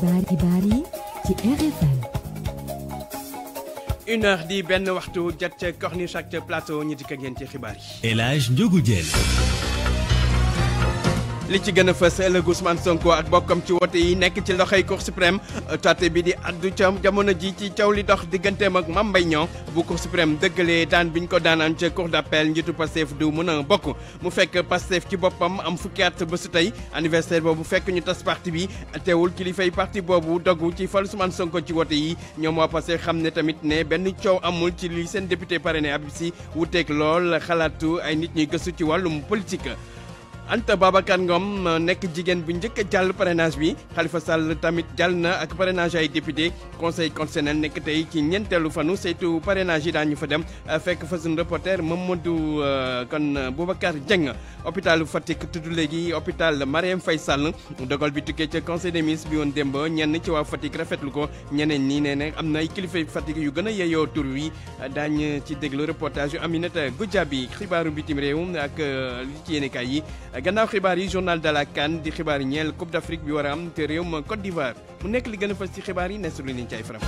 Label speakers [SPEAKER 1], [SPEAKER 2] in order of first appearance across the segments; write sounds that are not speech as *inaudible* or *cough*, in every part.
[SPEAKER 1] xibaar xibaar ci RFM
[SPEAKER 2] une heure di benn waxtu jot ca corniche ak plateau ñi dikk ak yéen ci xibaar
[SPEAKER 3] yi. El Hadj
[SPEAKER 2] li ci gën a fës ëllëg Ousmane Sonko ak bokkam ci wote yi nekk ci loxoy Cour suprême taate bi di addu ca jamono ji ci caw li dox digganteem ak Mame Mbaye Niang bu Cour suprême dëggalee daan biñ ko daanaan ca cour d'appel njiitu Pastef du mën bokk mu fekk Pastef ci boppam am fukki at ba su tey anniversaire boobu fekk ñu tas parti bi teewul kilifay parti boobu dogu ci fal Ousmane Sonko ci wote yi ñoom waa Pastef xam ne tamit ne benn coow amul ci seen député parrainé Habib Sy wuteeg lool xalaatu ay nit ñuy gëstu ci wàllum politique Anta Babacar Ngom euh, nekk jigéen bu njëkk jàll parrainage bi xalifa Sall tamit jàll na ak parrainage ay député conseil constitutionnel nekk tey ci ñeenteelu fanu saytu parrainage yi daañu fa dem euh, fekk fa suñu reporter Mamadou euh, kon jeg Dieng hôpital Fatick tudd léegi hôpital Marième fay Sall dogal bi tukkee ca conseil des ministres bi woon démb ñenn ci waa Fatick rafetlu ko ñeneen nii nee am na ay kilifa Fatick yu gën a yeyoo tur wi daañ ci déglu reportage yu Aminata Goudiaby xibaaru bitim réew ak li ci yi gannaaw xibaar yi journal de la CAN di xibaar ñeel Coupe d'Afrique bi war a am te réew ma Côte d'Ivoire mu nekk li gën a fës ci xibaar yi ne su lu ñu cay faram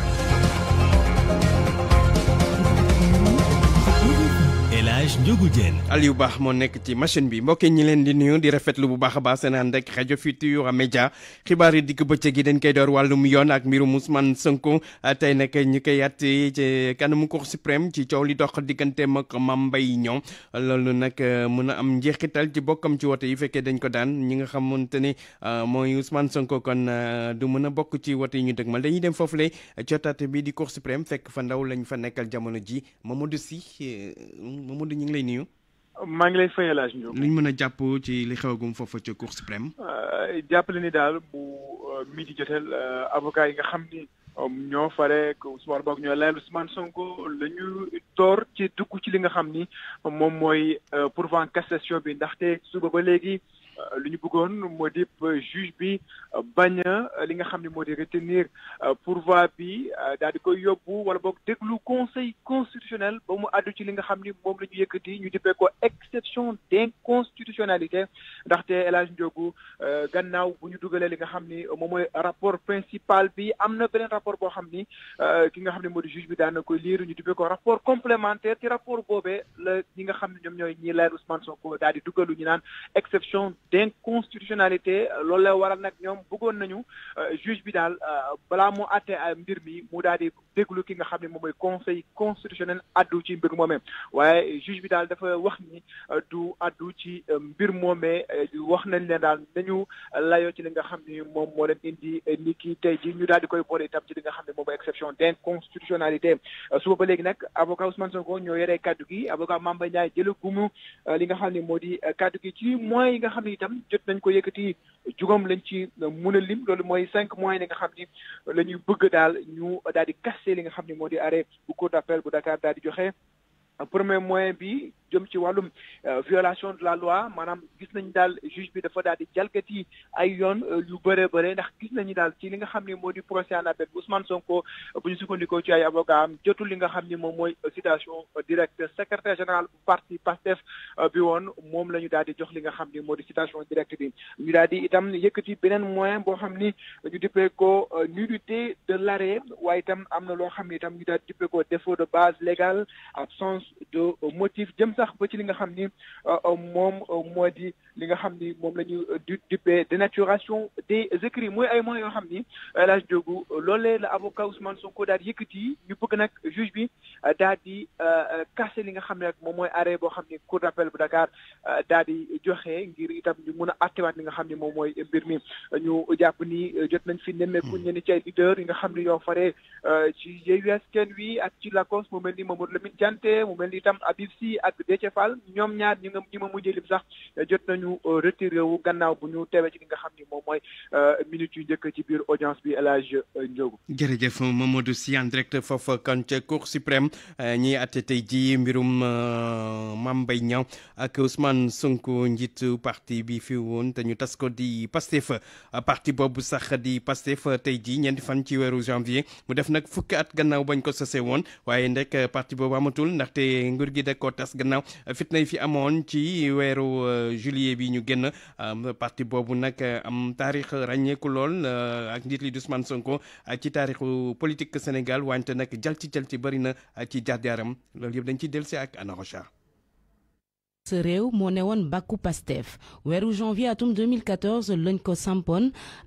[SPEAKER 2] El Hadj Ndiogou baax moo nekk ci machine bi mbokkee ñi leen di nuyu di rafetlu bu baax a baax seen ànd ak rajo Futurs Médias xibaar yi dikk bëccëg yi dañ koy door wàllum yoon ak mbirum Ousmane Sonko tey nag ñu koy àtte ci kanamu Cour suprême ci coow li dox digganteem ak Mame Mbaye Niang loolu nag euh, mën a am njeexital ci bokkam ci wote yi fekkee dañ ko daan ñi nga xamante ni euh, mooy Ousmane sënko kon euh, du mën a bokk ci wote yi ñu dëgmal dañuy dem foofu lay cotaate bi di Cour suprême fekk fa ndaw lañ fa nekkal jamono ji Mamadou Sy Mamadou ñu ngi lay nuyu. maa ngi lay fayal âge ñu mën a jàpp ci li gum foofu ca Cour suprême.
[SPEAKER 4] Euh, jàppale ni daal bu euh, midi joteel euh, avocat yi nga xam ni um, ñoo fare ko Ousmane Boog ñoo layal Ousmane Sonko la ñu ci dugg ci li nga xam ni moom mooy pour pourvoi cassation bi ndaxte suba ba léegi. Euh, li ñu bëggoon moo di juge bi euh, bañ a euh, li nga xam ne moo di retenir pourvoi bi daal di koy yóbbu wala boog déglu conseil constitutionnel ba mu àddu ci li nga xam ni moom la ñu yëkkati ñu dippee ko exception d'inconstitutionnalité ndaxte El Hadj Ndiogou gannaaw bu ñu dugalee li nga xam ni moom mooy rapport principal bi am na beneen rapport boo xam ni ki nga xam ni moo di bi daan na koy lire ñu dippee ko rapport complémentaire ci rapport boobee la ñi nga xam ne ñoom ñooy ñi leer Ousmane Sonko daal di dugalu ñu naan exception d'inconstitutionnalité loolu la waral nag ñoom bëggoon nañu euh, juge bi daal euh, balaa mu àttee euh, mbir mi mu daal di déglu ki nga xam ne moom mooy conseil constitutionnel addu ci mbir moomee waaye juge bi daal dafa wax ni du addu ci mbir moomee wax nañ leen daal nañu layoo ci li nga xam ni moom moo leen indi ni ki tey ji ñu daal di koy boole itam ci li nga xam ne moom mooy exception d'inconstitutionnalité suba ba léegi nag avocat Ousmane Sonko ñoo yoree kaddu ki avocat Mamba Ndiaye jëla gumu li nga xam ne moo di kaddu gi ci moyens yi nga xam itam jot nañ ko yëkkati juróom lañ ci mun a lim loolu mooy cinq mois yi nga xam ni la ñuy bëgg daal ñu daal di casser li nga xam ni moo di arrêt bu cour d'appel bu Dakar daal di joxe premier moyen bi jëm ci wàllum euh, violation de la loi maanaam gis nañu daal juge bi dafa daal di jalgati ay yoon euh, yu bëree bëre ndax gis nañu daal ci li nga xam ni moo di procès en appel Ousmane Sonko euh, bu ñu sukkandikoo ci ay avocat am jotul li nga xam ni moom mooy citation directe secrétaire général bu parti PASTEF bi woon moom la ñu daal di jox li nga xam ni moo di citation directe bi ñu daal di itam yëkkati beneen moyen boo xam ni ñu dippee ko nudité de l'arrêt waaye itam am na loo xam ni itam ñu daal di de base légale absence sax ba ci li nga xam ni euh, euh, moom euh, moo di li nga xam ni moom la ñu du duppee dénaturation des écrits mooy ay moyens yoo xam ni El Hadj Diogou loolee la avocat Ousmane Sonko daal yëkkati ñu bëgg nag juge bi daal di casser li nga xam ne nag moom mooy arrêt boo xam ni cour d'appel bu Dakar daal di joxe ngir itam ñu mun a attewaat xam ni moom mooy mbir mi ñu jàpp ni jot nañ fi nemmeeku hmm. ñenn ci ay leader yi nga xam ni ñoo faree ci Yewwi Askan Wi ak ci Lacoste mu mel ni Mamadou Lamine Diante mu mel ni itam Habib Sy ak Déthié Fall ñoom ñaar ñi ma mujjee sax jot nañu euh, retiré wu gannaaw bu ñu teewee ci li nga xam ni moom mooy euh, minutes yu njëkk ci biir audience bi El Hadj euh, Ndiogou.
[SPEAKER 2] jërëjëf Mamadou Sy en direct foofu kan ca Cour ñi ñiy tey ji mbirum Mame Mbaye ñaw ak Ousmane sunk njiitu parti bi fi woon te ñu tas ko di fa parti boobu sax di Pastef tey ji ñeenti fan ci weeru janvier mu def nag fukki at gannaaw bañ ko sose woon waaye ndek parti boobu amatul ndaxte Touba euh, fitna fi amoon ci weeru euh, juillet bi ñu gën parti boobu nag euh, am taarix ràññeeku lool ak njiit li di Ousmane Sonko ci taarixu politique Sénégal wante nag jalti jalti bëri na ci jaar jaaram loolu yëpp dañ ciy dellu si ak Anna
[SPEAKER 5] sa réew moo ne woon bàkku Pastef weeru janvier atum 2014 lañ ko sampoon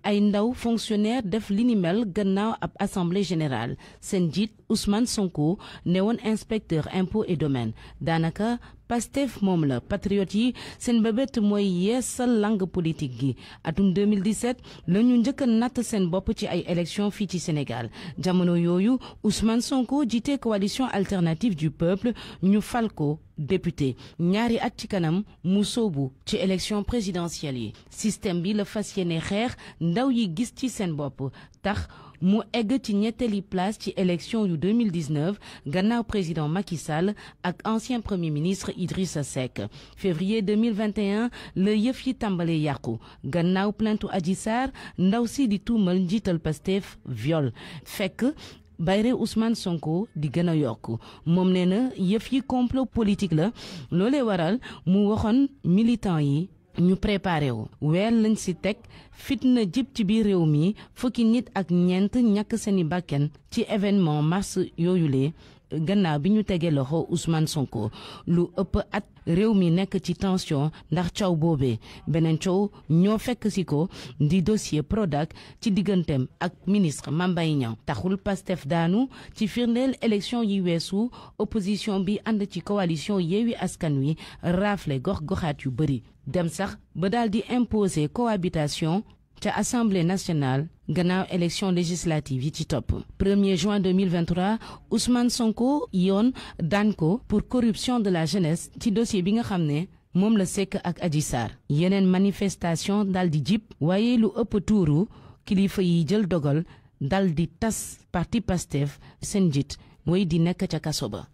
[SPEAKER 5] ay ndaw fonctionnaire def li ni gannaaw ab assemblée générale seen jiit Ousmane Sonko ne woon inspecteur impôts et domaines daanaka Pastef moom la patriote yi seen bébét mooy yeesal langue politique gi atum 2017 la ñu njëkk a natt seen bopp ci ay élection fii ci Sénégal jamono yooyu Ousmane Sonko jiite coalition alternative du peuple ñu fal ko député ñaari at ci kanam mu soobu ci élection présidentielle yi système bi la fas yéene xeex ndaw yi gis ci seen bopp tax mu egg ci ñetteeli place ci élection yu 2019 gannaaw président Macky Sall ak ancien premier ministre idris Idrissa Seck février 2021 la yëf yi tàmbalee yàqu gannaaw plantu Adji Sarr ndaw si di tuumal njiital Pastef viol fekk Bayre Ousmane Sonko di gën a yokk moom nee na yëf yi complot politique la loolee waral mu waxoon militant yi ñu préparé wu weer lañ ci teg fitna jib ci biir réew mi fukki nit ak ñeent ñàkk seeni bàkken ci événement mars yooyule gannaaw bi ñu tegee loxo Ousmane Sonko lu ëpp at réew mi nekk ci tension ndax coow boobee beneen coow ñoo fekk si ko di dossier Prodac ci digganteem ak ministre Mame Mbaye Niang taxul Pastef daanu ci firndeel élection yi weesu opposition bi ànd ci coalition Yewwi Askan Wi raafle gox goxaat yu bëri dem sax ba daal di imposer cohabitation ca assemblée nationale gannaaw élection législative yi ci topp 1er juin 2023 Ousmane Sonko yoon daan pour corruption de la jeunesse ci dossier bi nga xam ne moom la sekk ak Adji yeneen manifestation dal di jip waaye lu ëpp tuuru kilifa yi jël dogal dal di tas parti Pastef seen njiit mooy di nekk ca kaso
[SPEAKER 2] ba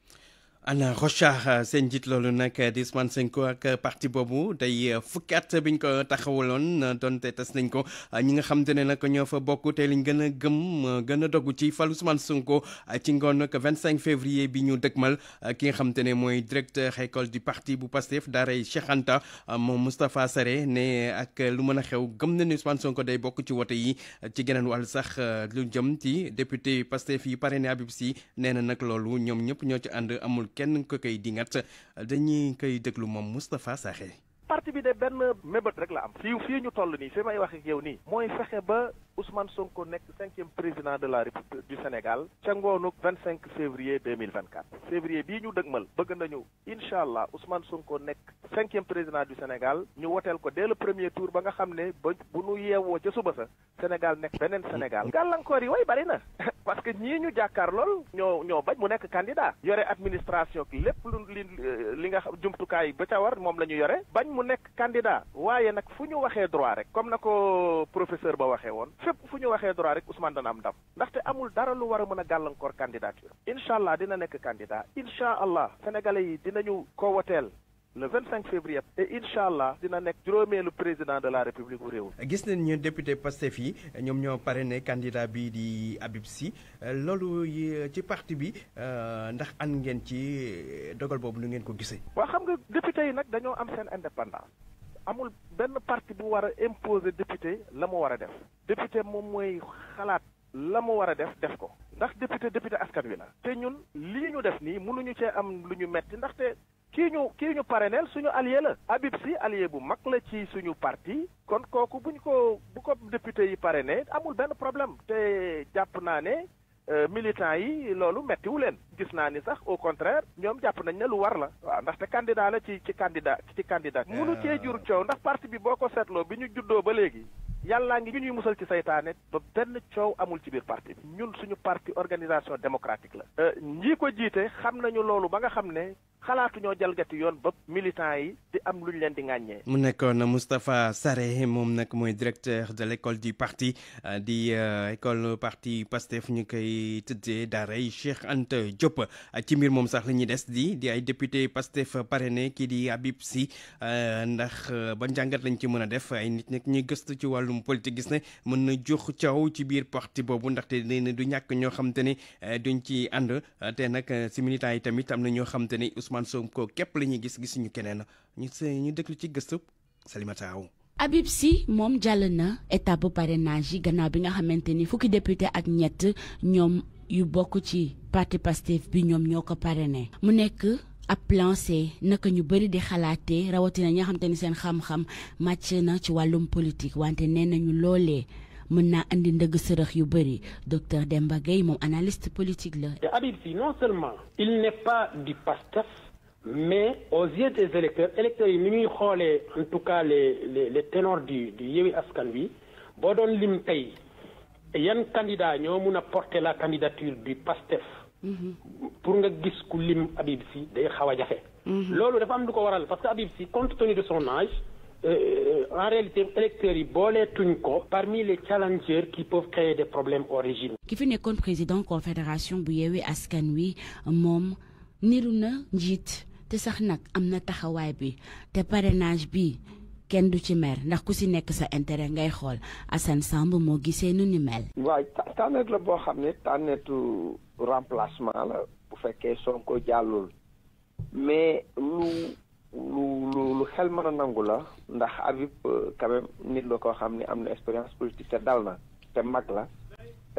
[SPEAKER 2] ana Rocha euh, seen njiit loolu nag euh, di Ousmane Sonko ak euh, parti boobu tey fukki at biñ ko taxawaloon donte tas nañ ko ñi nga xam ne nag ñoo fa bokk te liñ gën a gëm gën a dogu ci fal Ousmane Sonko ci ngoon nag 25 février bi ñu mal ki nga xam ne mooy directeur école du parti bu Pastef daaray Cheikh Anta moom Moustapha Sarré ne ak lu mën a xew gëm na ne Ousmane Sonko day bokk ci wote yi ci geneen wàll sax lu jëm ci député Pastef yi parrainé Habib Sy nee na nag loolu ñoom ñëpp ñoo ci ànd amul. kenn nga ko koy dingat dañuy koy déglu moom Moustapha Saxé
[SPEAKER 6] de benn mébét rek la am fii fii ñu toll nii fi may wax ak yow nii mooy fexe ba Ousmane Sonko nekk cinquième président de la République du Sénégal ca ngoonu vingt cinq février deux mille vingt quatre février bii ñu dëgmal bëgg nañu incha allah Ousmane Sonko nekk cinquième président du Sénégal ñu woteel ko dès le premier tour ba nga xam ne ba bu nu yeewoo ca suba sa Sénégal nekk beneen Sénégal gàllankoor yi way bari na *laughs* parce que ñii ñu jàkkaar lool ñoo bañ mu nekk candidat yore administration lépp lu li li nga xam jumtukaay ba ca moom la ñu yore bañ mu nekk candidat waaye nag fu ñu waxee droit rek comme na ko professeur ba waxee woon fépp fu ñu waxee droit rek Ousmane dana am ndam ndaxte amul dara lu war a mën a gàllankoor candidature incha allah dina nekk candidat incha allah sénégalais yi dinañu ko woteel le 25 février te incha allah dina nekk lu président de la république bu réew
[SPEAKER 2] gis nañ ñu député Pastef yi ñoom ñoo parrainé candidat bii di Habib Sy loolu ci parti bi euh, ndax an ngeen ci euh, dogal boobu nu ngeen ko gisee. waa
[SPEAKER 6] xam nga député yi nag dañoo am seen amul benn parti bu war a imposer député la mu war a def député moom mooy xalaat la mu war a def def ko ndax député député askan wi la te ñun li ñu def nii mënuñu cee am lu ñu metti ndaxte kii ñu kii ñu pare parrainel suñu allié la Habib Sy allié bu mag la ci suñu parti kon kooku bu ñu ko bu ko député yi pare ne amul benn problème te jàpp naa ne Euh, militants yi loolu mettiwu leen gis naa ni sax au contraire ñoom jàpp nañ ne lu war la waaw ndaxte candidat la ci ci candidat ci candidat mënu cee jur coow ndax parti bi boo ko seetloo bi ñu juddoo ba léegi yàlla ngi ñu ñuy musal ci seytaane ba benn coow amul ci biir parti ñun suñu parti organisation démocratique la euh, ñi ko jiite xam nañu loolu ba nga xam ne xalaatu ñoo jalgati yoon ba militant yi di am lu ñu leen di ŋàññee mu
[SPEAKER 2] nekkoon Moustapha sare moom nag mooy directeur de l' du parti euh, di euh, école parti fu ñu koy tëddee daaray Cheikh Anta Diop ci mbir moom sax la ñuy des di di ay député Pastef ne kii di Habib Sy ndax ba njàngat lañ ci mën a def ay nit nag ñuy gëstu ci wàllu wàllum politique gis ne mën na jox caaw ci biir parti boobu ndaxte nee na du ñàkk ñoo xam te ne eh, duñ ci ànd te nag eh, si militants yi tamit am na ñoo xam te ne Ousmane Sonko képp la ñuy gis gisuñu keneen ñu se ñu déglu ci gëstu Salimata Aw
[SPEAKER 1] Habib Sy moom jàll na état bu parrainage yi gannaaw bi nga xamante ni fukki député ak ñett ñoom yu bokk ci parti Pastef bi ñoom ñoo ko parrainé mu nekk. ab naka ñu bëri di xalaatee rawatina ñi nga xamante ni seen xam-xam màcc na ci wàllum politique wante nee nañu loolee mën naa indi ndëgg sërëx yu bëri docteur Demba Gueye moom analyste politique la.
[SPEAKER 6] te Habib Sy non seulement il n'est pas du PASTEF mais aux yeux des électeurs électeurs yi ni ñuy xoolee en tout cas les les les ténors Askan Wi boo doon lim tey yan candidat ñoo mun a porter la candidature du PASTEF. pour nga gis ku lim Habib Sy day xaw a jafe. Mhm. loolu dafa am lu ko waral parce que Habib Sy compte tenu de son âge. Euh, euh en réalité électeurs yi booleetuñ ko parmi les challengers qui peuvent créer des problèmes au
[SPEAKER 1] ki fi nekkoon président confédération bu yeewee askan wi moom niru na njiit te sax nag am na taxawaay bi te parrainage bi kenn du ci mer ndax ku si nekk sa intérêt ngay xool Assane Samb moo gisee nu ni mel.
[SPEAKER 6] waaw tànnet la boo xam ne tànnetu remplacement la bu fekkee soo Sonko jàllul mais lu lu lu xel mën a nangu la ndax Habib euh, quand même nit la koo xam ne am na expérience politique te dal na te mag la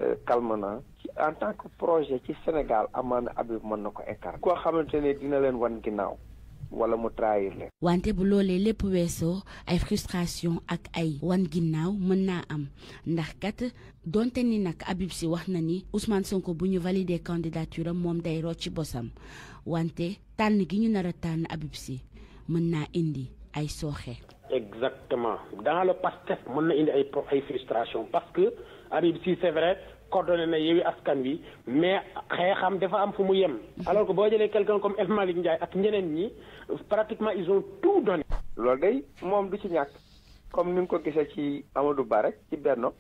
[SPEAKER 6] euh, calme na ci en tant que projet ci Sénégal amaan na Habib mën na ko écarter. koo xamante ne dina leen wan ginnaaw. wala mu trahir leen.
[SPEAKER 1] wante bu loolee lépp weesoo ay frustration ak ay wan ginnaaw mën naa am ndax kat donte ni nag Habib Sy wax na ni Ousmane Sonko bu ñu valider candidature am moom day rocc ci bosam wante tànn gi ñu nar a tànn Habib Sy mën naa indi ay sooxe.
[SPEAKER 6] exactement dans le Pastef mën na indi ay frustration parce que Habib Sy coordonné na Yewwi Askan Wi mais xam dafa am fu mu yem. alors que boo jëlee quelqu'un comme El Malick ak ñeneen ñi pratiquement ils ont tout donné. loolu day moom du ci ñàkk comme ni nga ko gisee ci Amadou Ba rek ci Benno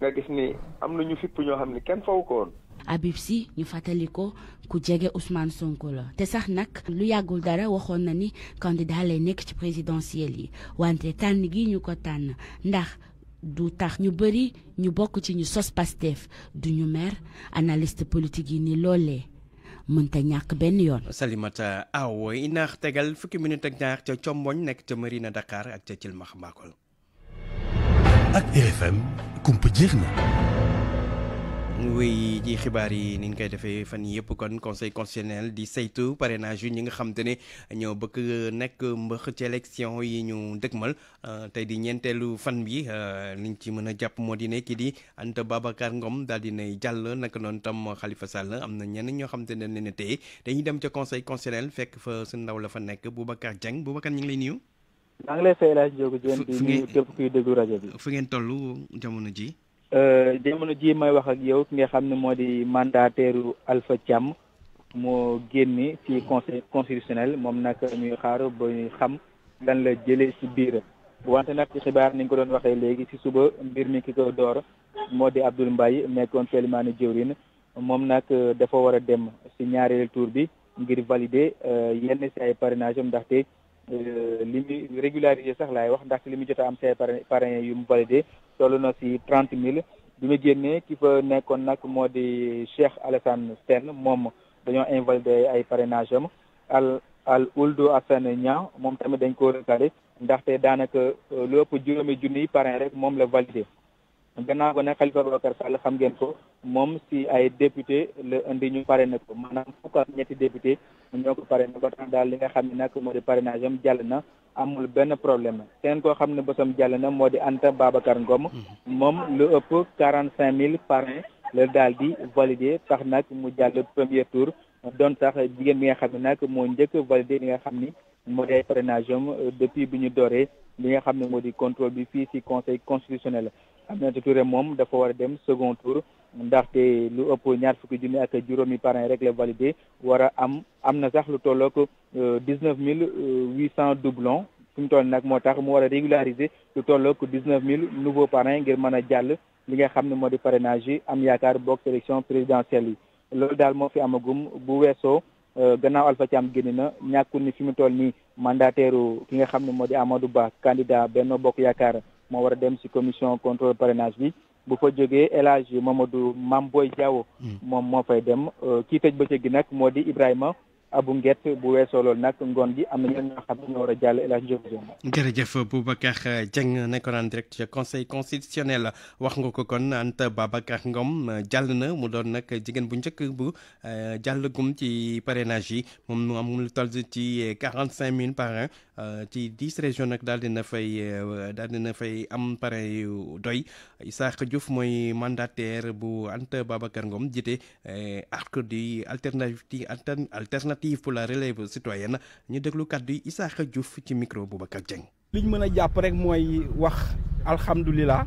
[SPEAKER 6] nga gis ni am na ñu fipp ñoo xam ni kenn faw ko
[SPEAKER 1] woon. si ñu fàttali ko ku jege Ousmane Sonko la te sax nag lu yàggul dara waxoon na ni candidat lay nekk ci présidentielle yi wante tànn gi ñu ko tànn ndax. du tax ñu bëri ñu bokk ci ñu sos Pastef du ñu mer analyste politique yi ni loolee mënta ñàkk benn yoon.
[SPEAKER 2] Salimata Aw inaax tegal fukki minute teg ñaar ca Comboñ nekk ca Marina Dakar ak ca Cilmax Mbakol.
[SPEAKER 6] ak RFM kumpa jeex na.
[SPEAKER 2] wéy ji xibaar yi ni ñu koy defee fan yii yëpp kon conseil constitutionnel di saytu parrainage yu ñi nga xam ne ñoo bëgg nekk mbëx ci élection yi ñu dëgmal euh, tey di ñeenteelu fan bi euh, liñ ci mën a jàpp moo di ne kii di Anta Babacar Ngom daal di nay jàll naka noonu tam xalifa Sall am na ñenn ñoo xam te ne leen tey dañuy dem ca conseil constitutionnel fekk fa su ndaw la fa nekk bu Dieng Boubacar ñu ngi ñu ngi lay fay El fu ngeen toll jamono ji. Euh, jamono ji
[SPEAKER 7] may wax ak yow ki nga xam ne moo di mandataire Alpha càmm moo génne ci conseil constitutionnel moom nag ñuy xaar ba ñuy xam lan la jëlee ci biira wante nag ci xibaar ni nga ko doon waxee léegi ci suba mbir mi ki ko door moo di Abdoul mbay nekkoon Souleymane Diawrigne moom nag dafa war a dem ci ñaareelu tour bi ngir valider euh, yenn ci ay parrainage am ndaxte euh, li muy régulariser sax laay wax ndaxte li mu jot a am ci ay parrain yu mu valider toll na si trente mille bi mu génnee ki fa nekkoon nag moo di Cheikh Alassane Sène moom dañoo invalidé ay parrainage am al al Ould Assane Niang moom tamit dañ ko recalé ndaxte daanaka euh, lu ëpp juróomi junniy parrain rek moom la validé gannaaw ko ne Khalifa Ababacar Sall xam ngeen ko moom si ay député la indi ñu pare parrainé ko maanaam fukk ak ñetti député ñoo ko parrainé ba tax daal li nga xam ni nag moo di parrainage am jàll na amul benn problème keneen koo xam ne bosam jàll na moo di Anta Babacar Ngom mhm. moom lu ëpp quarante cinq mille parrain la daal di validé tax nag mu jàll premier tour doon tax jigéen bi nga xam ne nag moo njëkk validé li nga xam ni moo di ay parrainage am depuis bi ñu dooree li nga xam ne moo di contrôle bi fii si conseil constitutionnel am Aminata Touré moom dafa war a dem second tour ndaxte lu ëpp ñaar fukki junni ak juróomi parrain rek la validé war a am am na sax lu tollook euh, dix-neuf mille euh, huit cent doublons fi mu toll nag moo tax mu war a régulariser lu tollook dix-neuf mille nouveaux parrains ngir mën a jàll li nga xam ne moo di parrainage yi am yaakaar bokk sélection présidentielle yi loolu daal moo fi amagum bu weesoo euh, gannaaw Alpha Thiam génn na ñàkkul ni fi mu toll nii mandataire ki nga xam ne moo di Amadou Ba candidat Benno Bokk Yaakaar moo war a dem si commission contrôle parrainage bi bu fa jógee El Hadji Mamadou maam booy Diawo hmm. moom moo fay dem euh, kii tëj bëccëg gi nag moo di Ibrahima abu nget bu weesoo loolu nag ngoon gi am na ñoo xam ne ñoo war a jàll El Hadj
[SPEAKER 2] jërëjëf Boubacar Dieng nekkoon en direct ci conseil constitutionnel wax nga ko kon Anta Babacar Ngom jàll na mu doon nag jigéen bu njëkk bu euh, jàll gum ci parrainage yi moom nu am lu toll ci quarante cinq mille parrain Euh, ci dix régions nag daal dina fay euh, daal dina fay am parrain yu doy Isaac Diouf mooy mandataire bu Anta Babacar Ngom jiite eh, arc di alternative alternative pour la relève citoyenne ñu déglu kàddu yi Isaac Diouf ci micro Boubacar Dieng. li ñu mën a jàpp rek mooy wax alhamdulilah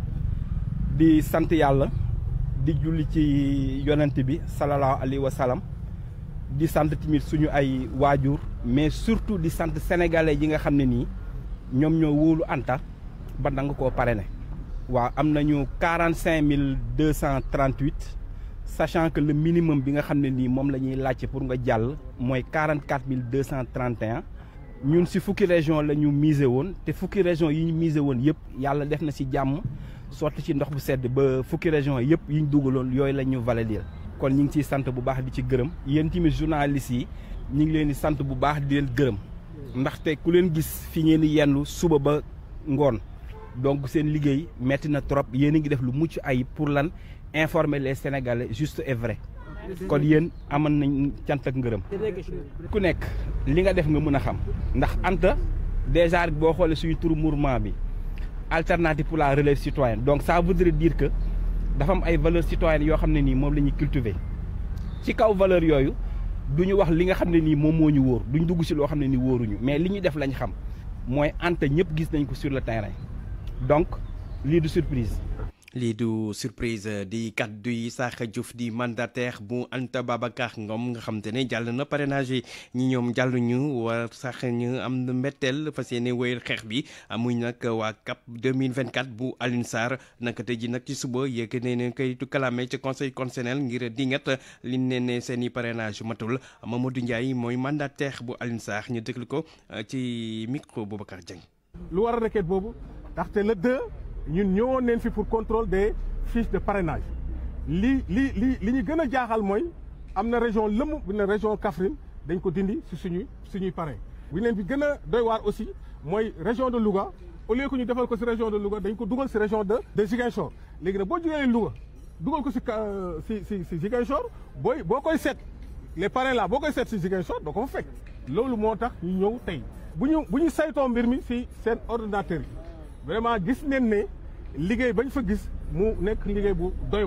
[SPEAKER 2] di sant yàlla
[SPEAKER 8] di julli ci yonent bi salallaahu alayhi wa di sant tamit suñu ay waajur. mais surtout di sant sénégalais yi nga xam ne nii ñoom ñoo wóolu Anta ba ko pare ne waaw am nañu quarante cinq mille deux cent trente huit sachant bi nga xam ne nii moom la ñuy laajte pour nga jàll mooy quarante quatre mille deux cent et un ñun si fukki région la ñu misé woon te fukki région yi ñu misé woon yëpp yàlla def na si jàmm sotti ci ndox bu sedd ba fukki région yëpp yi ñu dugaloon yooyu la ñu validé kon ñu ngi ciy sant bu baax di ci gërëm yéen tamit ñu ngi leen di sant bu baax di leen gërëm ndaxte ku leen gis fi ngeen di yenn suba ba ngoon donc seen liggéey metti na trop yéen a ngi def lu mucc ay pour lan informer les sénégalais juste et vrai kon yéen amoon nañ cant ak ngërëm. ku nekk li nga def nga mën a xam ndax Anta déjà boo xoolee suñu turu mouvement bi alternative pour la relève citoyenne donc ça voudrait diir que dafa am ay valeurs citoyennes yoo xam ne nii moom la ñuy cultiver ci kaw valeur yooyu. du ñu wax li nga xam ne nii moom moo ñu wóor duñ dugg si loo xam ne nii wóoruñu mais li ñu def lañu xam mooy Anta ñëpp gis nañ ko sur le terrain donc lii du surprise
[SPEAKER 2] lii du surprise di kaddu yi Sakho Diouf di mandataire bu Anta Babacar ngoom nga xam te ne jàll na parrainage yi ñi ñoom jàlluñu war sax ñu am mbetteel fas yéene wéyal xeex bi muy nag waa CAP 2024 bu Alioune Sarr naka tey ji nag ci suba yëg ne ne koy tukkalaame ci conseil constitutionnel ngir dingat li nen ne seen i parrainage matul Mamadou Ndiaye mooy mandataire bu Alioune Sarr ñu déglu ko euh, ci micro Boubacar Dieng.
[SPEAKER 9] lu war a requête boobu ndaxte le 2. ñun ñëwoon neen fi pour contrôle des fiches de parrainage li li li li ñu gën a jaaxal mooy am na région lëmm bu ne région Kaffrine dañ ko dindi si suñuy suñuy parrain bu ñu leen bi gën a doy waar aussi mooy région de Louga au lieu que ñu defal ko si région de Louga dañ ko dugal si région de de Ziguinchor léegi nag boo jugee Louga dugal ko si euh, si si si Ziguinchor booy boo koy seet les parrains là boo koy seet si Ziguinchor doo ko fekk loolu moo tax ñu ñëw tey bu ñu bu ñu saytoo mbir mi si seen ordinateur yi vraiment gis neen ne liggéey bañ fa gis mu nekk liggéey bu doy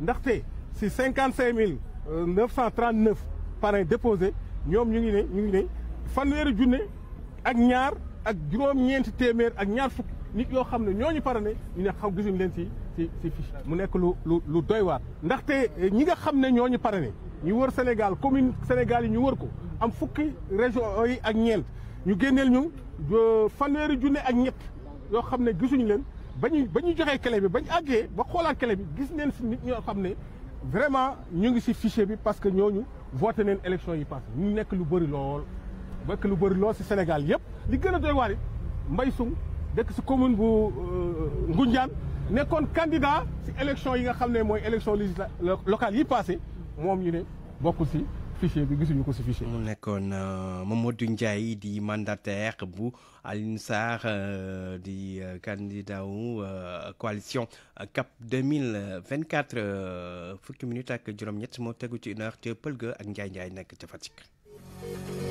[SPEAKER 9] ndaxte si cinquante cinq mille neuf cent trente neuf parrain déposé ñoom ñu ngi ne ñu ngi ne fanweeri junne ak ñaar ak juróom-ñeenti téeméer ak ñaar fukk nit yoo xam ne ñooñu parrainé ñu ne xaw gisuñu leen si si mu nekk lu lu lu doy ndaxte eh, ñi nga xam ne ñooñu parrainé ñu wër Sénégal commune Sénégal yi ñu wër ko am fukki région yi ak ñeent ñu génneel ñu euh, fanweeri junne ak ñett yoo xam ne gisuñu leen ba ñu ba ñu joxee clé bi ba ñu ba xoolaat kele bi gis neen si nit ñoo xam ne vraiment ñu ngi si fichier bi parce que ñooñu voté neen élection yi passé ñu nekk lu bëri lool nekk lu bëri lool si Sénégal yëpp li gën a doy waar it dekk Soum dëkk si commune bu euh, Ngoundiane nekkoon candidat si élection yi nga xam ne mooy élection législative locale yi passé moom ñu ne
[SPEAKER 2] bokkul si fichier bi gisuñu ko si fichier. mu nekkoon euh, Mamadou Ndiaye di mandataire bu Alioune Sarr euh, di euh, candidat wu coalition CAP 2024 fukki minutes ak juróom-ñett moo tegu ci une heure ci pël ga ak Ndiaye Ndiaye nekk ca Fatick.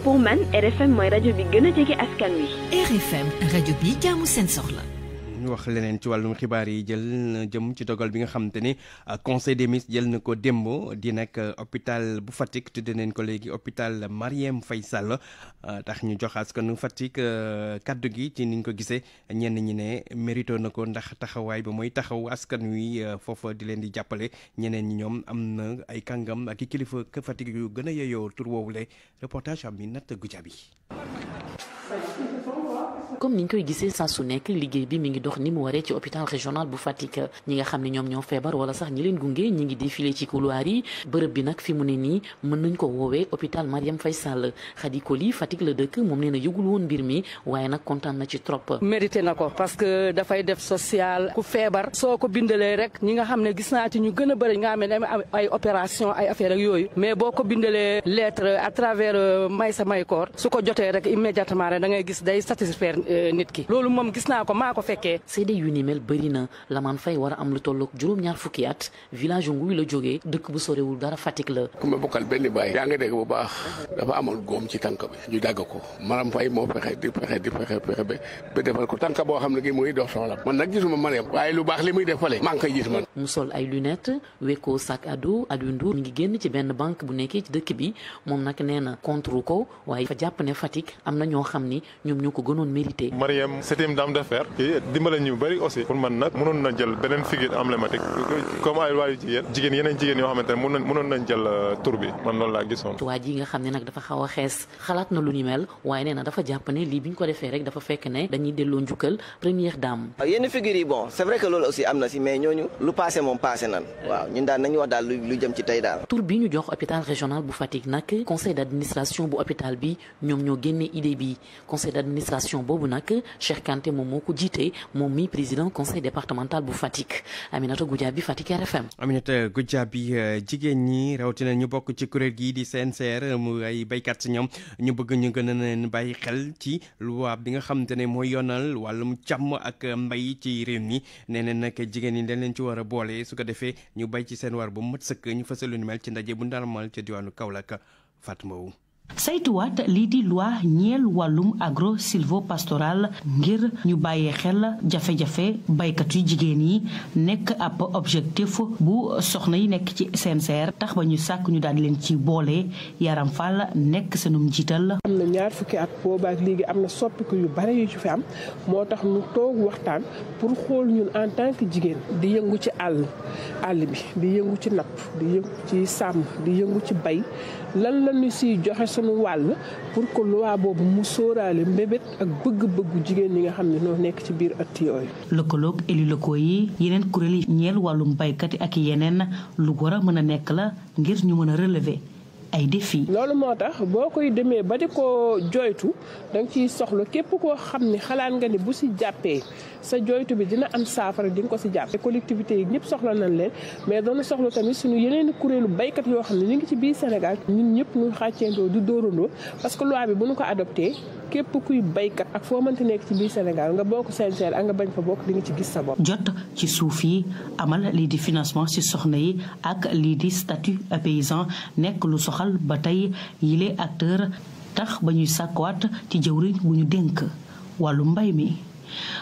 [SPEAKER 10] pour man RFM mooy rajo bi gën jege askan wi. RFM rajo bi jaamu seen soxla.
[SPEAKER 2] ñu wax leneen ci wàllum xibaar yi jël na jëm ci dogal bi nga xamante ni euh, conseil des ministres jël na ko démb di nag euh, hôpital bu Fatick tudde nañ ko léegi hôpital Marième Faye Sall euh, tax ñu jox askanu Fatick kaddu gi ci niñ ko gisee ñenn ñi ne mérito na ko ndax taxawaay bi mooy taxaw askan wi foofa di leen di jàppale ñeneen ñi ñoom am na ay kàngam ak kilifa Fatick yu gën a yeyoo tur woowule reportage am bi natt gujaab yi
[SPEAKER 11] comme ni ñu koy gisee saa su nekk liggéey bi mi ngi dox ni mu waree ci hôpital régional bu Fatick ñi nga xam ne ñoom ñoo feebar wala sax ñi leen gunge ñi ngi défilé ci couloir yi bërëb bi nag fi mu ne nii mën nañ ko woowee hôpital Mariam Faye Sall Khady Koli Fatick la dëkk moom nee na yëgul woon mbir mi waaye nag kontaan na ci trop.
[SPEAKER 5] mérité na ko parce que dafay def social ku feebar soo ko bindalee rek ñi nga xam ne gis naa ci ñu gën a bëri nga xam ne ay opération ay affaire ak yooyu mais boo ko bindalee lettre à may
[SPEAKER 11] sa may koor su Euh, nit ki loolu moom gis naa ko maa ko fekkee seede yu ni mel bëri na Lamane Faye war a am lu tolloog juróom-ñaar fukki at village nguy la jógee dëkk bu sorewul dara Fatick la
[SPEAKER 9] ku ma bokkal benn baay yaa ngi dégg bu baax dafa amoon góom ci tànk bi ñu dagg ko Maram am moo fexe di fexe di ko tànk boo xam ne gi muy dox soxla man nag gisuma Mariam waaye lu baax li muy def fale maa ngi koy gis man
[SPEAKER 11] mu sol ay lunettes wekkoo sac à dos Aliou Ndour ngi génn ci benn banque bu nekkee ci dëkk bi moom nag nee na contre ko waaye dafa jàpp am na ñoo xam ni ñoom réalité. Mariam
[SPEAKER 9] septième dame d'affaires kii dimbale ñu bëri aussi pour man nag mënoon na jël beneen figure emblématique comme ay waayu jigéen jigéen yeneen jigéen yoo xamante ne mënoon mënoon jël euh, tur bi man loolu laa gisoon.
[SPEAKER 11] waa ji nga xam ne nag dafa xaw xees xalaat na lu ñu waaye nee dafa jàpp ne lii bi ñu ko defee rek dafa fekk ne dañuy delloo njukkal première
[SPEAKER 3] dame. Ah, yenn figure yi bon c'est vrai que loolu aussi am na si mais ñooñu lu passé moom passé nan waaw
[SPEAKER 11] boobu nag Cheikh Kanté moom moo ko jiitee moom mi président conseil départemental bu Fatick Aminata Goudiaby Fatick RFM.
[SPEAKER 2] Aminata Goudiaby euh, jigéen ñi rawatina ñu bokk ci kuréel gii di CNCR mu ay béykat si ñoom ñu bëgg ñu gën a leen bàyyi xel ci loi bi nga xamante ne mooy yoonal wàllum càmm ak mbay ci réew mi nee na nag jigéen ñi dañ leen ci war a boole su ko defee ñu bay ci seen war bu mu mat sëkk ñu fësal lu ni mel ci ndaje bu ndarmal ca diwaanu Kaolack Fatma
[SPEAKER 5] saytuwaat lii di loi ñeel wàllum agro sylvopastoral ngir ñu bàyyee xel jafe-jafe baykat yu jigéen yi nekk ab objectif bu soxna yi
[SPEAKER 12] nekk ci CNCR tax ba ñu sàkk ñu daal di leen ci boole Yaram Fall nekk seenum jiital. am na ñaar fukki at boobaak léegi am na soppiku yu bare yu fi am moo tax ñu toog waxtaan pour xool ñun en tant que jigéen di yëngu ci àll àll bi di yëngu ci napp di yëngu ci sàmm di yëngu ci bay. lan la ñu siy joxe sunu wàll pour que loi boobu mu sóoraale mbébét ak bëgg-bëggu jigéen ñi nga xam ne noo nekk ci biir at yooyu.
[SPEAKER 5] lëkkaloog élu lëkkoo yi yeneen kuréel yi ñeel wàllum baykat yi ak yeneen lu war
[SPEAKER 12] a mën a nekk la ngir ñu mën a relever. ay défi loolu moo tax boo koy demee ba di ko joytu da nga ciy soxla képp koo xam ni xalaat nga ni bu si jàppee sa jooytu bi dina am saafara di nga ko si jàpp collectivité yi ñëpp soxla nañ leen mais doona soxla tamit suñu yeneen kuréelu baykat yoo xam ne ñu ngi ci biir Sénégal ñun ñëpp ñu xàcceendoo di dóorandoo parce que loi bi bu ñu ko adopté képp kuy baykat ak foo mënti nekk ci biir Sénégal nga bokk CNCR ak nga bañ fa bokk di nga ci gis sa bopp.
[SPEAKER 5] jot ci suuf yi amal lii di financement si soxna yi ak lii di statut paysan nekk lu soxla soxal ba tey yile acteur tax ba ñuy sàkkuwaat ci jëw jëwriñ bu ñu dénk wàllu mbay mi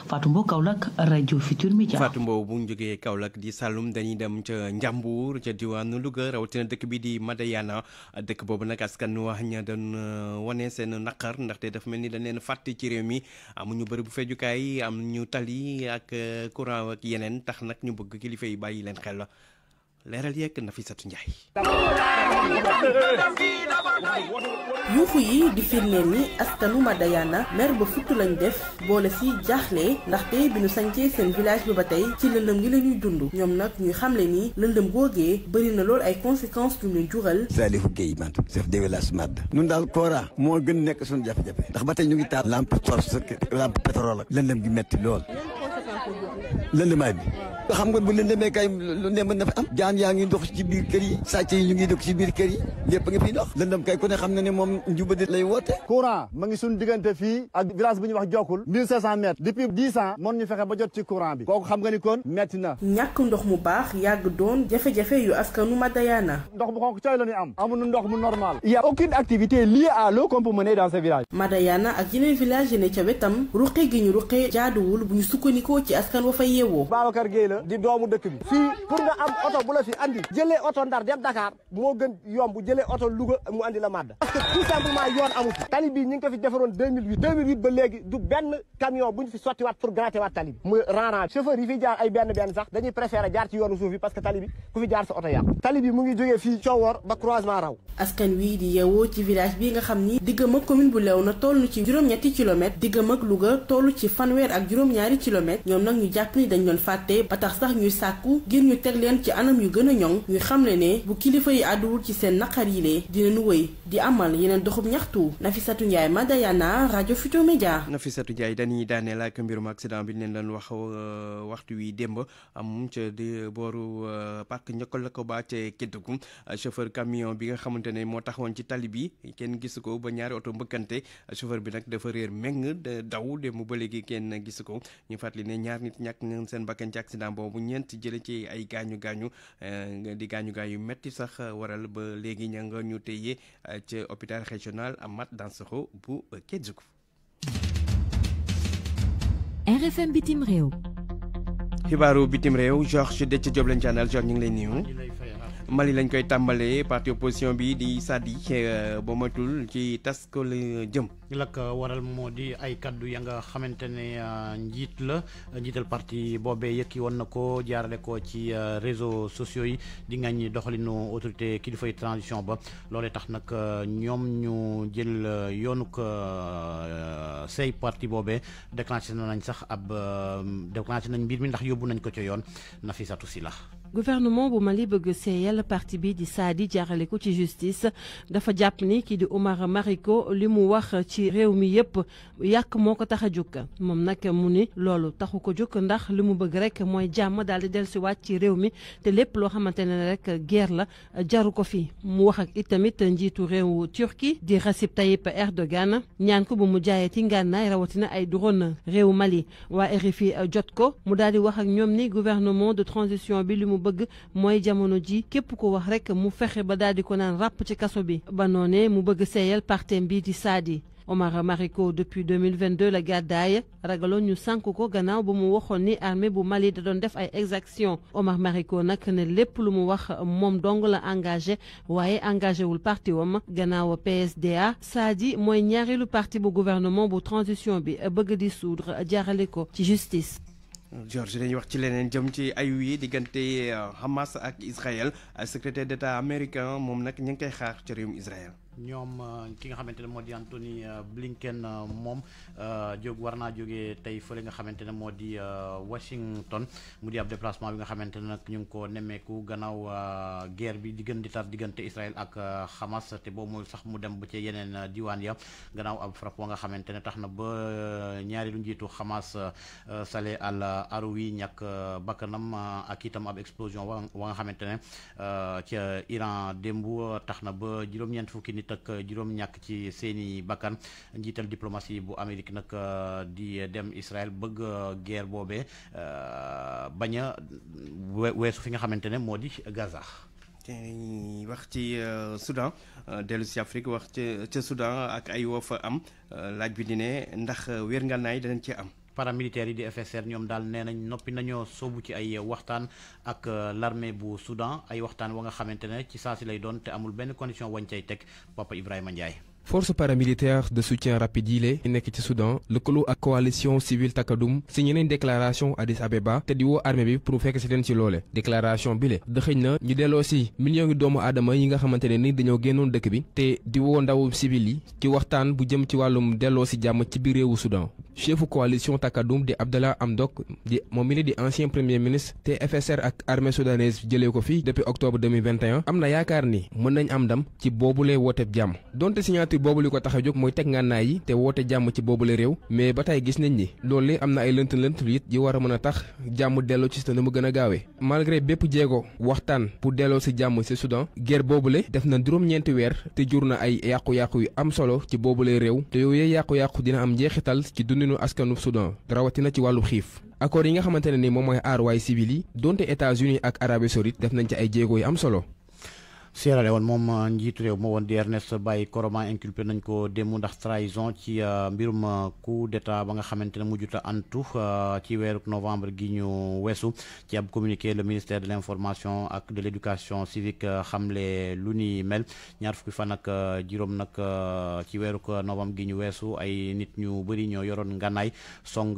[SPEAKER 5] Fatou Mbow Kaolack rajo Futur Media. Fatou
[SPEAKER 2] Mbow bu ñu jógee di Saloum dañuy dem ca Njàmbur ca diwaan diwaanu Louga rawatina dëkk bi di Madayana dëkk boobu nag askan wax ña doon euh, wane seen naqar ndaxte dafa mel ni dañ leen fàtte ci réew mi ñu bari bu fejukaay am ñu tali ak euh, courant ak yeneen tax nag ñu bëgg kilifa yi bàyyi leen xel. leeral yegg Nafisatu Njaay yuuxu yi
[SPEAKER 12] di firndeel ni askanu Madayana mer ba futt lañ def boole si jaaxle ndaxte bi ñu sancee seen village bi ba tey ci lëndëm gi la ñuy dund ñoom nag ñuy xamle ni lëndëm googee
[SPEAKER 3] bëri na lool ay conséquences yu ñu jural Salifou Guèye man de village Mad ñun daal Kora moo gën nekk suñu jafe-jafe ndax ba tey ñu ngi taal lampe torche lampe pétrole ak lëndëm gi metti lool lëndëmaay bi nga xam nga bu leen demee kay lu ne mën na fa am jaan yaa ngi dox ci biir kër yi sàcc yi ñu ngi dox ci biir kër yi lépp nga fiy dox lëndam kay ku ne xam ne moom njubadi lay woote courant ma nga
[SPEAKER 8] ni kon metti na ñàkk ndox mu baax yàgg doon jafe-jafe yu askanu Madayana ndox mu xonk cay la am amuñu ndox mu normal
[SPEAKER 12] il y a aucune activité liée à l'eau qu'on peut mener dans ce village Madayana ak yeneen village yi ne ca wetam ruqe gi ñu ruqe jaaduwul bu
[SPEAKER 2] fa yeewoo Babacar la di doomu dëkk bi fii pour nga am oto bu la fi andi jëlee oto ndar dem Dakar moo gën yomb jëlee oto Louga mu andi la Madda parce que tout yoon
[SPEAKER 8] amu fi tali bi ñi ngi ko fi defaroon 2008 2008 ba léegi du benn camion bu ñu fi sotti waat pour gratter waat tali
[SPEAKER 12] bi yi mu ngi jógee fii Coowoor ba croisement raw askan wi di yeewoo ci village bi nga xam ni diggam ak commune bu Léona toll ci juróom-ñetti kilomètres diggam ak Louga toll ci fanweer ak juróom tax sax ñuy sàkku ngir ñu teg leen ci anam yu gën a ñoŋ ñu xamle ne bu kilifa yi àdduwul ci seen naqar yi lee dinañu wëy di amal yeneen doxub ñaxtu Nafisatu Ndiaye Madayana rajo Futurs Médias.
[SPEAKER 2] Nafisatu Ndiaye dañuy daaneel ak mbirum accident bi ñu leen doon wax euh, waxtu wi démb am ca la ko euh, parc Niacoulacba ca Kédougou chauffeur camion bi nga xamante ne moo taxawoon ci tali bi kenn gisu ko ba ñaari oto mbëkkante chauffeur bi nag dafa réer meng daw démb ba léegi kenn gisu ko ñu fàttali ne ñaar nit ñàkk ngeen seen bakkan ci accident boobu ñeent jële ci ay gaañu gaañu eh, di gaañu gaañu metti sax waral ba léegi ña nga ñu téye eh, ca hôpital régional Amath Dansokho bu Kédougou.
[SPEAKER 11] RFM bitim réew.
[SPEAKER 2] xibaaru bitim réew Georges Dethié Diop lañ ci àndal ñu ngi lay nuyu. Mali lañ koy tàmbalee parti opposition bi di Sadi euh, ba matul ci tas ko la jëm.
[SPEAKER 13] la waral moo di ay kaddu ya nga xamante ne euh, njiit la njiital parti boobee yëkk woon na ko jaarale ko ci euh, réseau sociaux yi di nga doxalinu autorité kilifa yi transition ba loolee tax nag ñoom ñu jël yoonuk say parti boobee déclenché nañ sax ab déclenché nañ mbir mi ndax yóbbu nañ ko ca yoon Nafisatou Sila
[SPEAKER 10] gouvernement bu Mali bëgg seeyal parti bi di saadi jaarale ko ci justice dafa jàpp ni kii di Omar ko li mu wax ci réew mi yépp yàq moo ko tax a jóg moom nag mu ni loolu taxu ko jóg ndax li mu bëgg rek mooy jàmm daal di dellusiwaat ci réew mi te lépp loo xamante ne rek guerre la jaru ko fi mu wax ak itamit njiitu réew Turquie di Recep Tayyip Erdogan ñaan ko bu mu jaayati ngànnaay rawatina ay drone réewu Mali waa RFI jot ko mu daal bëgg mooy jamono ji képp ko wax rek mu fexe ba daal di ko naan ràpp ci kaso bi ba noonee mu bëgg seeyal partem bii di saadi Omar Mariko depuis 2022 la gàddaay ragaloon ñu sànk ko gannaaw ba mu waxoon ni armée bu Mali da doon def ay exaction Omar Mariko nag ne lépp lu mu wax moom dong la engagé waaye engagé wul parti wam gannaaw PSDA Sadi mooy ñaareelu parti bu gouvernement bu transition bi bëgg dissoudre jaarale ko ci justice
[SPEAKER 2] George dañuy wax ci leneen jëm ci ayu yi diggante euh, Hamas ak Israël secrétaire d' état américain moom nag ñu ngi koy xaar ci réewum Israël.
[SPEAKER 13] ñoom euh, ki nga xamante ne moo di Anthony euh, Blinken euh, moom jóg war naa jóge tey fële nga xamante ne moo di Washington mu di ab déplacement bi nga xamante ne nag ñu ngi ko nemmeeku gannaaw guerre bi di gën di tar diggante Israël ak Hamas te boobu mu sax mu dem ba ci yeneen diwaan ya gannaaw ab frappe nga xamante ne tax na ba ñaari lu njiitu Hamas Saleh Al Arouri ñàkk bakkanam ak itam ab explosion wa nga xamante ne ca Iran démb tax na ba juróom-ñeent fukki te ak eh, juróom ñàkk ci seeni bakkan njiital diplomatie bu Amérique nag eh, di dem Israël bëgg eh, guerre boobee bañ a weesu fi nga xamante ne moo di Gaza.
[SPEAKER 2] tey wax ci Soudan dellu si Afrique wax ca ca ak ay woo fa am laaj bi di ne ndax weer nga naay danañ ci am. paramilitaires yi di FSR ñoom
[SPEAKER 13] daal nee nañ noppi nañoo soobu ci ay waxtaan ak euh, l'armée bu Soudan ay waxtaan wa nga xamante ne ci saa si lay doon te amul benn condition wañ cay teg Papa Ibrahima Ndiaye
[SPEAKER 12] force paramilitaire de soutien rapide yi lée nekk ci Soudan lëkkaloo ak coalition civile Takadoum signé nañ déclaration Addis Abeba te di woo armée bi pour fekk si leen ci loole déclaration bi le dëxëñ na ñu delloo si millions ngi doomu aadama yi nga xamante ne ni dañoo génnoon dëkk bi te di woo ndaw civil yi ci waxtaan bu jëm ci wàllum delloo si jàmm ci biir réewu Soudan chefu coalition Takadoum di Abdallah Hamdok di moom mi di ancien premier ministre te FSR ak armée soudanaise jëlee ko fii depuis octobre 2021 am na yaakaar ni mën nañ am ndam ci boobulee wooteb jàmm collectif boobu li ko tax a jóg mooy teg ngànnaay yi te woote jàmm ci boobule réew mais ba tey gis nañ ni loolu am na ay lënt lënt it yi war a mën a tax jàmm delloo ci Soudan mu gën a gaawee malgré bépp jéego waxtaan pour delloo si jàmm si Soudan guerre boobule def na juróom-ñeenti weer te jur na ay yàqu-yàqu yu am solo ci boobu le réew te yooyu yàqu-yàqu dina am njeexital ci dundinu askanu Soudan rawatina ci wàllu xiif accord yi nga xamante ne ni moom mooy aar waay civil yi donte États-Unis ak Arabie Saoudite def nañ ci ay jéego yu am solo
[SPEAKER 13] Sierra Leone moom ah, njiitu réew ma woon di Ernest Bai Koroma inculpé nañ ko démb ndax trahison ci ah, mbirum ah, coup d'état ba nga xamante ne mujjuta antu ci weeru novembre gi ñu weesu ci communiqué le ministère de l'information ak de l'éducation civique xamle lu ni mel ñaar fukki fan ak juróom nag ci weeru novembre gi ñu weesu ay nit ñu bëri ñoo yoroon nganaay song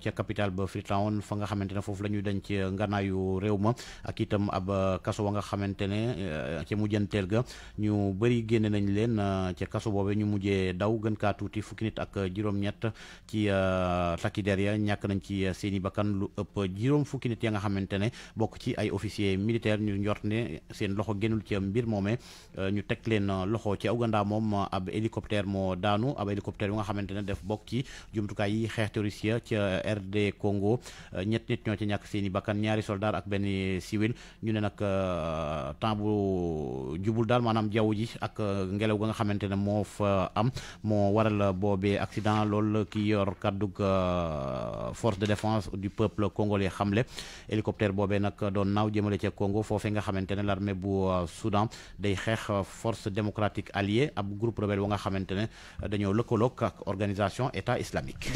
[SPEAKER 13] ca capitale ba Freetown fa nga xamante ne foofu la ñuy denc nganaayu réew ma ak itam ab kaso wa nga xamante ne eh, ca mujjanteel ga ñu bëri génne nañ leen euh, ca kaso boobe ñu mujjee daw gën kaa tuuti fukki nit ak euh, juróom-ñett ci euh, takki der ya ñàkk nañ ci seeni bakkan lu ëpp juróom fukki nit ya nga xamante ne bokk ci ay officier militaire ñu njort ne seen loxo génnul ci mbir moomee ñu teg leen loxo ca Ouganda moom ab hélicoptère moo daanu ab hélicoptère yu nga xamante ne def bokk ci jumtukaay yi xeex terroriste ca RD Congo ñett nit ñoo ci ñàkk seeni bakkan ñaari soldat ak benn civil ñu ne nag temps jubul daal maanaam jaww ji ak euh, ngelaw ga nga xamante ne moo fa am moo waral boobee accident lool ki yor kàddug euh, force de défense du peuple congolais xamle hélicoptère boobee nag doon naaw jëmale ca Congo foofee nga xamante ne l'armée bu euh, Soudan day xeex force démocratique allier ab groupe rebelle wa nga xamante ne dañoo lëkkaloog ak organisation état islamique.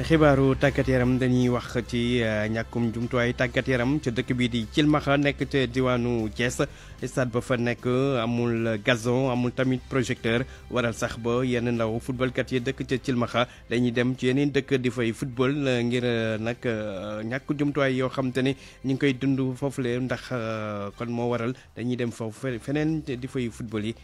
[SPEAKER 2] xibaaru tàggat yaram dañuy wax ci euh, ñàkkum jumtuwaay tàggat yaram ca dëkk bii di Cilmaxa nekk ca diwaanu Thiès stade ba fa nekk amul gazon amul tamit projecteur waral sax ba yenn ndaw footballkat yi dëkk ca Cilmaxa dañuy dem ci yeneen dëkk di fay football euh, ngir euh, nag ñàkk jumtuwaay yoo xam te ñu ngi koy dund foofu le ndax kon moo waral dañuy dem foofu feneen di fay football yi.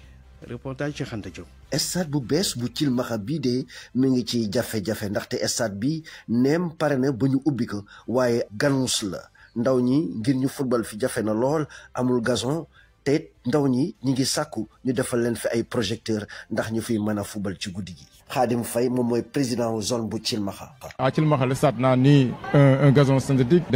[SPEAKER 2] reportage ci Xanta Diop.
[SPEAKER 3] stade bu bees bu cilmaxa bii de mu ngi ci jafe-jafe ndaxte estade bi neem pare na ba ñu ubbi ko waaye ganus la ndaw ñi ngir ñu football fi jafe na lool amul gazon te ndaw ñi ñi ngi sàkku ñu defal leen fi ay projecteur ndax ñu fiy mën a fubal ci guddi gi Khadim fay moom mooy président zone bu Thilmakha ah Thilmakha le stade naa ni euh, un gazon synthétique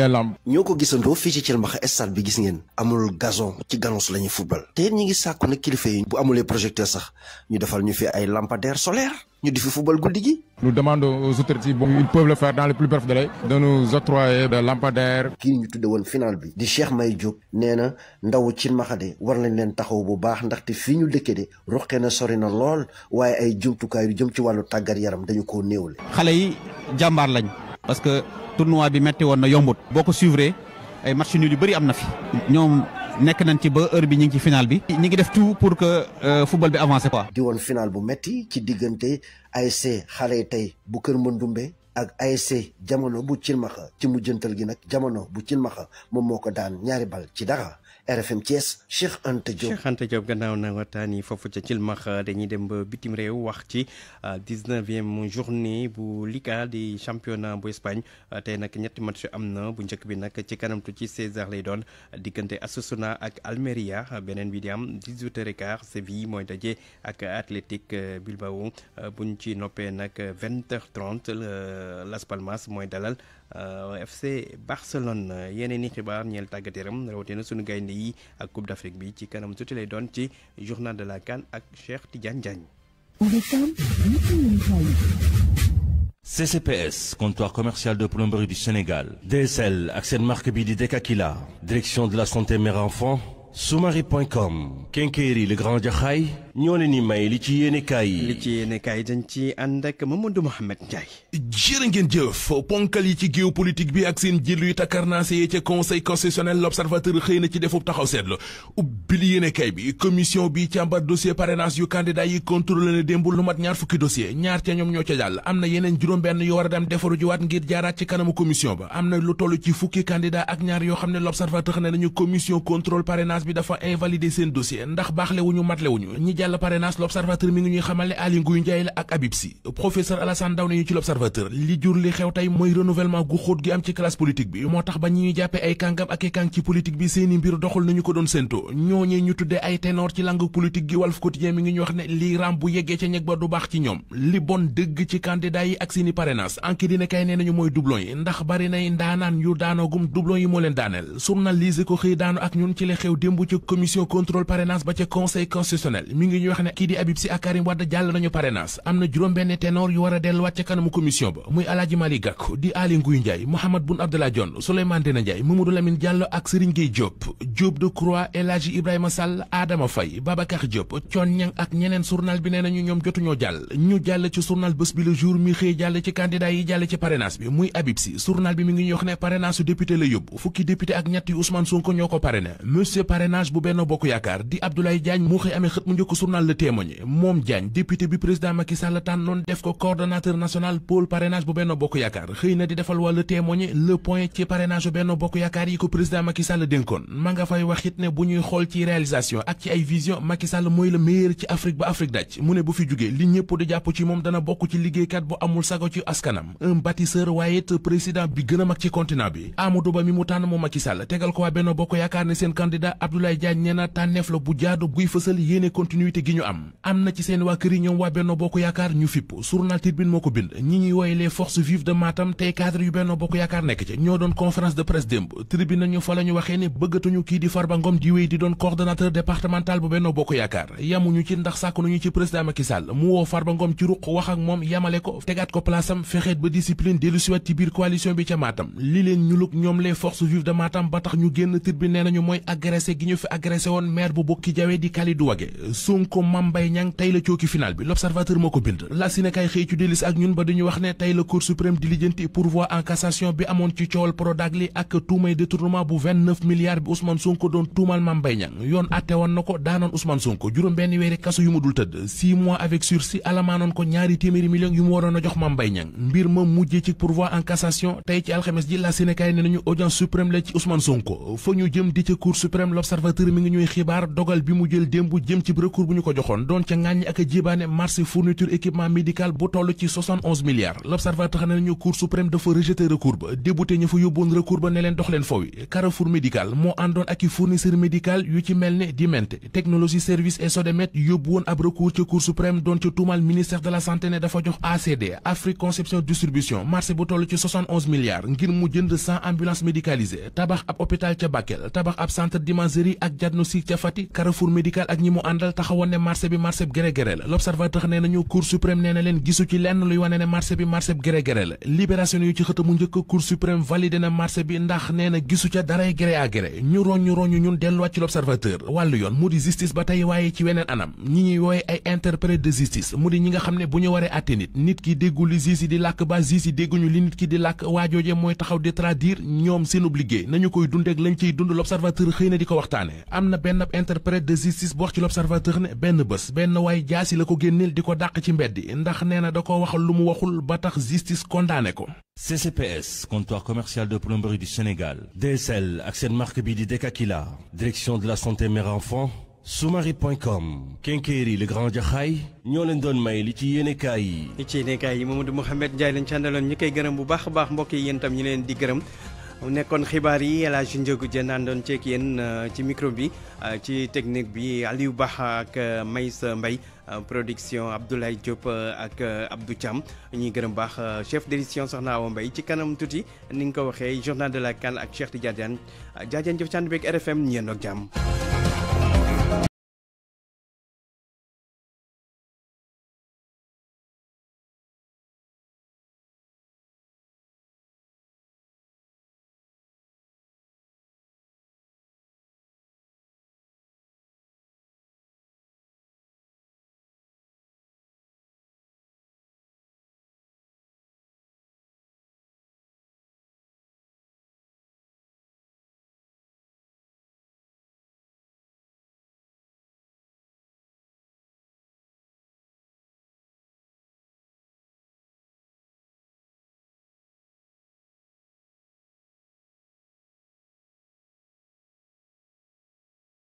[SPEAKER 3] ñoo ko gisandoo fii ci Thilmakha stade bi gis ngeen amul gazon ci ganus la ñuy fubal te ñi ngi sàkku nag kilifa yi bu amulee projecteur sax ñu defal ñu fi ay lampadaire solaire ñu di fi football guddi gi. nous demandons aux autorités bon ils peuvent le faire dans les plus brefs délais. de nous octroyer des kii ñu tudde woon final bi. di Cheikh May Diop nee na ndaw Thilmakha de war nañ leen taxaw bu baax ndaxte fii ñu dëkke de ruqe na sori na lool waaye ay jumtukaay yu jëm ci wàllu tàggat yaram dañu koo néewle.
[SPEAKER 13] xale yi jàmbaar lañ. parce que tournoi bi metti woon na yombut. boo ko suivre ay match nul yu bëri am na fi. ñoom nekk nañ ci ba heure bi ñu ngi ci final bi. ñi ngi def tuu pour que euh, football bi avancé quoi.
[SPEAKER 3] di woon final bu metti ci diggante ASC xale yi tey bu Kër Mandoumbe ak ASC jamono bu Cilmaxa ci mujjantal gi nag jamono bu Cilmaxa moom moo ko RFM Thiès Cheikh Anta Diop.
[SPEAKER 2] Cheikh Anta gannaaw na waxtaan yi foofu ca Cilmax dañuy dem ba bitim réew wax ci euh, dix-neuvième journée bu Liga di championnat bu Espagne euh, tey nag ñetti match am na bu njëkk bi nag ci kanamtu ci 16 lay doon diggante Osasuna ak Almeria beneen bi di am 18h15 Séville mooy daje ak Athletic euh, Bilbao buñ ci noppee nag 20h30 Las Palmas mooy dalal. Euh, FC Barcelone yeneen i xibaar ñeel tàggat yaram rawatina sunu gaynde yi ak Coupe d'Afrique bi ci kanam tuuti lay doon ci journal de la CAN ak Cheikh Tidiane Diagne. CCPS
[SPEAKER 14] comptoir commercial de plomberie du Sénégal DSL ak seen bi di Dekakila direction de la santé mère
[SPEAKER 2] enfant soumari.com Kenkeri le grand jaxaay ñoo ne ni may li ci yéene kaay yi. li ci yéene kaay yi dañ ci ànd ak Mamadou Mohamed Ndiaye. jërë ngeen jëf ponkal
[SPEAKER 14] yi ci géopolitique bi ak seen jël yu takkarnaase yi ca conseil constitutionnel l'observateur xëy na ci defub taxaw seetlu ubbil yéene kaay bi commission bi càmbar dossier parrainage yu candidat yi contrôlé na démb lu mat ñaar fukki dossier ñaar ca ñoom ñoo ca jàll am na yeneen juróom-benn yu war a dem defaru juwaat ngir jaaraat ci kanamu commission ba am na lu toll ci fukki candidat ak ñaar yoo xam ne l'observateur ne nañu commission contrôle parrainage bi dafa invalider seen jàll parrainage l'observateur mi ngi ñuy xamale Aly Ngouille Ndiaye la ak Habib Sy professeur Alassane Daw nañu ci l'observateur li jur li xew tey mooy renouvellement gu xóot gi am ci classe politique bi seeni mbir doxul nañu ko doon séento ñooñee ñu tuddee ay ténor ci langue politique gi Walf Quotidien mi ngi ñu wax ne lii ram bu yeggee ca ñeg ba du baax ci ñoom li bon dëgg ci candidat yi ak seeni parrainage anki dina kay nee nañu mooy doublon yi ndax bari ngi ñuy kii di Habib Sy ak Karim jàll nañu parrainage am na juróom-benn ténor yu war a delluwaat ca kanamu commission ba muy Alaaji Malick Gakou di Aly Ngouille Ndiaye Mouhamed Boun Abdallah Dionne Souleymane Ndéné Ndiaye Mamadou Lamine Diallo ak Serigne Gueye Diop Diop Decroix El Hadji Ibrahima Sall Adama Faye Babacar Diop Thion ak ñeneen journal bi nee nañu ñoom jotuñoo jàll ñu jàll ci journal bés bi le jour mi xëy jàll ci candidat yi jàll ci parrainage bi muy Habib Sy journal bi journal Le Témoin moom Diagne député bi président Macky Sall tànnoon def ko coordonnateur national pôle parrainage bu Benno Bokk Yaakaar xëy na di defal waa Le Témoin le point ci parrainage bu Benno Bokk Yaakaar yi ko président Macky Sall dénkoon ma nga fay wax ne bu ñuy xool ci réalisation ak ci ay vision Macky mooy le meilleur ci Afrique ba Afrique daj mu ne bu fi jugee li ñëpp di jàpp ci moom dana bokk ci liggéeykat bu amul sago ci askanam un bâtisseur waaye it président bi continuité gi ñu am na ci seen waa kër ñoom waa Benno Bokk Yaakaar ñu fipp journal Tribune moo ko bind ñi ñuy wooye les forces de Matam tey cadre yu Benno Bokk Yaakaar nekk ca ñoo doon conférence de presse démb Tribune nañu fa la waxee ne bëggatuñu kii di Farba di wéy di doon coordonnateur départemental bu Benno Bokk Yaakaar yamuñu ci ndax sàkk nañu ci président Macky Sall mu woo Farba ci ruq wax ak moom yamale ko tegaat ko plaasam fexeet ba discipline Sonko Mame tey la cooki final bi l'observateur moo ko bind la si nekaay ci delis ak ñun ba dañu wax ne tey la cour suprême di lijjanti pourvoi en bi amoon ci coowal Prodac ak tuumay détournement bu 29 milliards bi Ousmane Sonko doon tuumal Mame Mbaye yoon atte woon na ko daanoon Ousmane Sonko juróom benn weeri kaso yu mu dul tëdd 6 mois avec sursis alamaanoon ko ñaari téeméeri millions yu mu waroon jox Mame Mbaye mbir ma mujjee ci pourvoi bu ñu ko joxoon doon ca ŋàññi ak a équipement médical bu toll ci milliards l'observateur ne nañu cour suprême dafa rejeté recours ba débouté ñu fa yóbboon recours ba ne leen dox leen foowi Carrefour médical moo àndoon ak i fournisseur médical yu ci mel ne Dimente technologie service et Sodemed yóbbu ab recours ca cour suprême doon ca tuumal ministère de la santé ne dafa jox ACD Afrique Conception Distribution marché bu toll ci 71 taxawoon ne marché bi marché bi gré gré la l'observateur nee nañu cour gisu ci lenn luy wane ne marché bi marché bi gré gré la libération yu ci xëta njëkk cour suprême validé na marché bi ndax nee gisu ca daray gré à gré ñu roñu roñu ñun delluwaat ci l'observateur wàllu yoon mu di justice ba tey waaye ci weneen anam ñi ñuy wooye ay interprète de justice mu di ñi nga xam ne bu ñu waree atte nit nit ki déggu li justice di làkk ba justice dégguñu li ne benn bés benn waay jaasi la ko génneel di ko dàq ci mbeddi ndax nee na da ko waxal lu mu waxul ba tax justice condamné ko CCPS comptoir commercial de plomberie du Sénégal DSL ak seen marque bi di Dekakila direction de la santé mère enfant soumari.com Kenkeri le grand jaxaay ñoo leen doon may li ci yéenekaay yi
[SPEAKER 2] li ci yéenekaay yi Mamadou Mouhamed Ndiaye lañ ci àndaloon ñi koy gërëm bu baax a baax mbokk yi yéen tam ñu leen di gërëm mu nekkoon xibaar yi la Hadj Ndiogou Diène àndoon ceeg yéen euh, ci micro bi euh, ci technique bi Aliou Ba ak euh, Maysa Mbaye production Abdoulaye Diop ak Abdou Thiam ñuy gërëm baax chef d'édition Soxna Awa mbay ci kanam tuuti ni nga ko waxee journal de la CAN ak Cheikh Tidiane Diagne jëf ci ànd beeg RFM ñu yendoo ak jàmm